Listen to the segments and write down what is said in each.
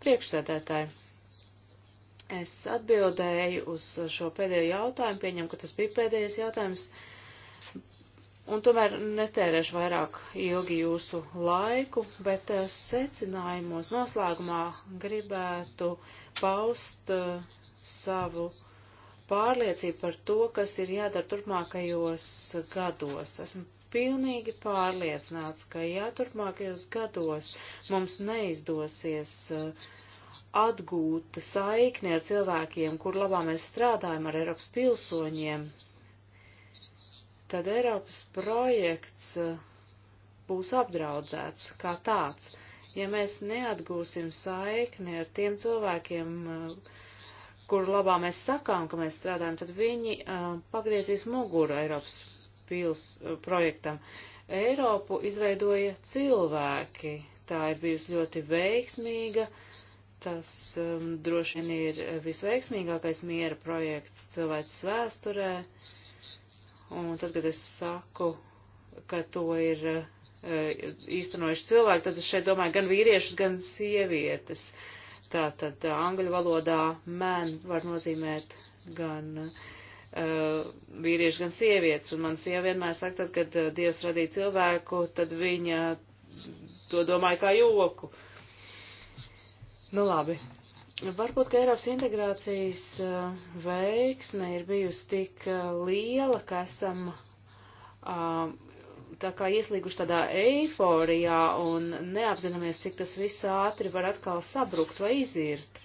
Priekšsēdētāji, es atbildēju uz šo pēdējo jautājumu, pieņemu, ka tas bija pēdējais jautājums, un tomēr netērēšu vairāk ilgi jūsu laiku, bet eh, secinājumos noslēgumā gribētu paust eh, savu uh, pārliecība par to, kas ir jādara turpmākajos gados. Esmu pilnīgi pārliecināts, ka ja turpmākajos gados mums neizdosies uh, atgūt saikni ar cilvēkiem, kur labā mēs strādājam ar Eiropas pilsoņiem, tad Eiropas projekts uh, būs apdraudzēts kā tāds. Ja mēs neatgūsim saikni ar tiem cilvēkiem, uh, kur labā mēs sakām, ka mēs strādājam, tad viņi uh, pagriezīs muguru Eiropas pils uh, projektam. Eiropu izveidoja cilvēki. Tā ir bijusi ļoti veiksmīga. Tas um, droši vien ir visveiksmīgākais miera projekts cilvēces vēsturē. Un tad, kad es saku, ka to ir uh, īstenojuši cilvēki, tad es šeit domāju gan vīriešus, gan sievietes. Uh, Tātad angļu valodā man var nozīmēt gan uh, vīrieši, gan sievietes. Un man sieva vienmēr saka, tad, kad uh, Dievs radīja cilvēku, tad viņa to domāja kā joku. Nu labi. Varbūt, ka Eiropas integrācijas uh, veiksme ir bijusi tik uh, liela, ka esam uh, tā kā ieslīguši tādā eiforijā un neapzināmies, cik tas viss ātri var atkal sabrukt vai izirt.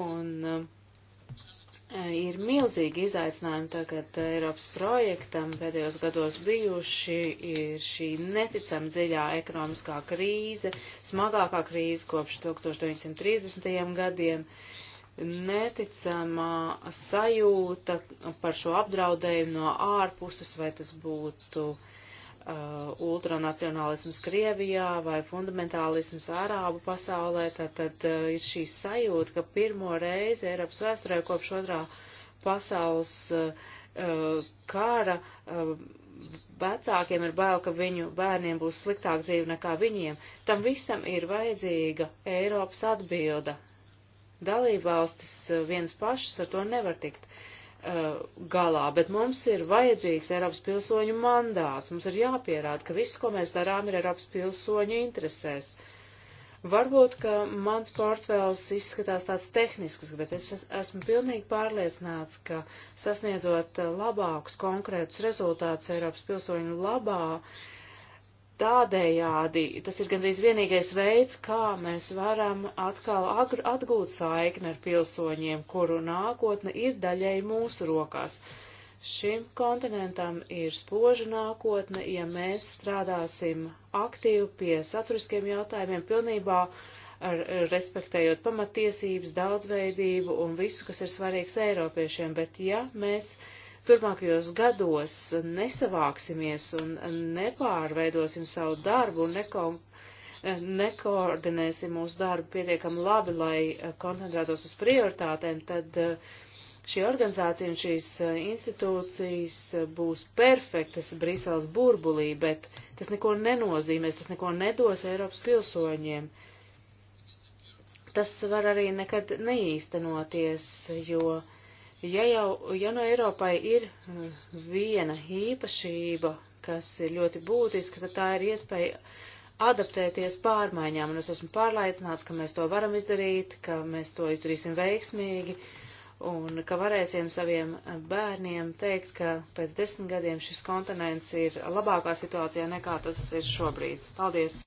Un uh, ir milzīgi izaicinājumi tagad Eiropas projektam pēdējos gados bijuši, ir šī neticama dziļā ekonomiskā krīze, smagākā krīze kopš 1930. gadiem, neticama sajūta par šo apdraudējumu no ārpuses, vai tas būtu uh, uh, ultranacionālisms Krievijā vai fundamentālisms Ārābu pasaulē, tad, tad uh, ir šī sajūta, ka pirmo reizi Eiropas vēsturē kopš otrā pasaules uh, uh kara uh, vecākiem ir bail, ka viņu bērniem būs sliktāk dzīve nekā viņiem. Tam visam ir vajadzīga Eiropas atbilda. Dalībvalstis uh, viens pašas ar to nevar tikt. Uh, Uh, galā, bet mums ir vajadzīgs Eiropas pilsoņu mandāts. Mums ir jāpierāda, ka viss, ko mēs darām, ir Eiropas pilsoņu interesēs. Varbūt, ka mans portfēls izskatās tāds tehnisks, bet es esmu pilnīgi pārliecināts, ka sasniedzot uh, labākus konkrētus rezultātus Eiropas pilsoņu labā, uh, Tādējādi tas ir gandrīz vienīgais veids, kā mēs varam atkal atgūt saikni ar pilsoņiem, kuru nākotne ir daļēji mūsu rokās. Šim kontinentam ir spoža nākotne, ja mēs strādāsim aktīvi pie saturiskiem jautājumiem, pilnībā ar, respektējot pamatiesības, daudzveidību un visu, kas ir svarīgs Eiropiešiem, bet ja mēs turpmākajos gados nesavāksimies un nepārveidosim savu darbu un nekom, nekoordinēsim mūsu darbu pietiekam labi, lai eh, koncentrētos uz prioritātēm, tad eh, šī organizācija un šīs eh, institūcijas būs perfektas Brīseles burbulī, bet tas neko nenozīmēs, tas neko nedos Eiropas pilsoņiem tas var arī nekad neīstenoties, jo Ja jau, ja no Eiropai ir eh, viena īpašība, kas ir ļoti būtiska, tad tā ir iespēja adaptēties pārmaiņām, un es esmu pārliecināts, ka mēs to varam izdarīt, ka mēs to izdarīsim veiksmīgi, un ka varēsim saviem bērniem teikt, ka pēc desmit gadiem šis kontinents ir labākā situācijā nekā tas ir šobrīd. Paldies!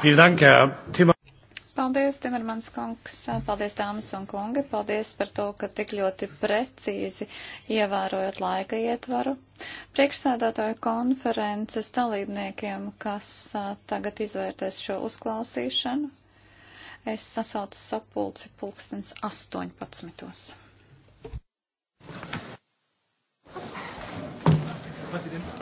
Paldies, Timermans kungs, paldies, dāmas un kungi, paldies par to, ka tik ļoti precīzi ievērojat laika ietvaru. Priekšsēdētāju konferences dalībniekiem, kas tagad izvērtēs šo uzklausīšanu, es sasaucu sapulci pulkstens 18. President.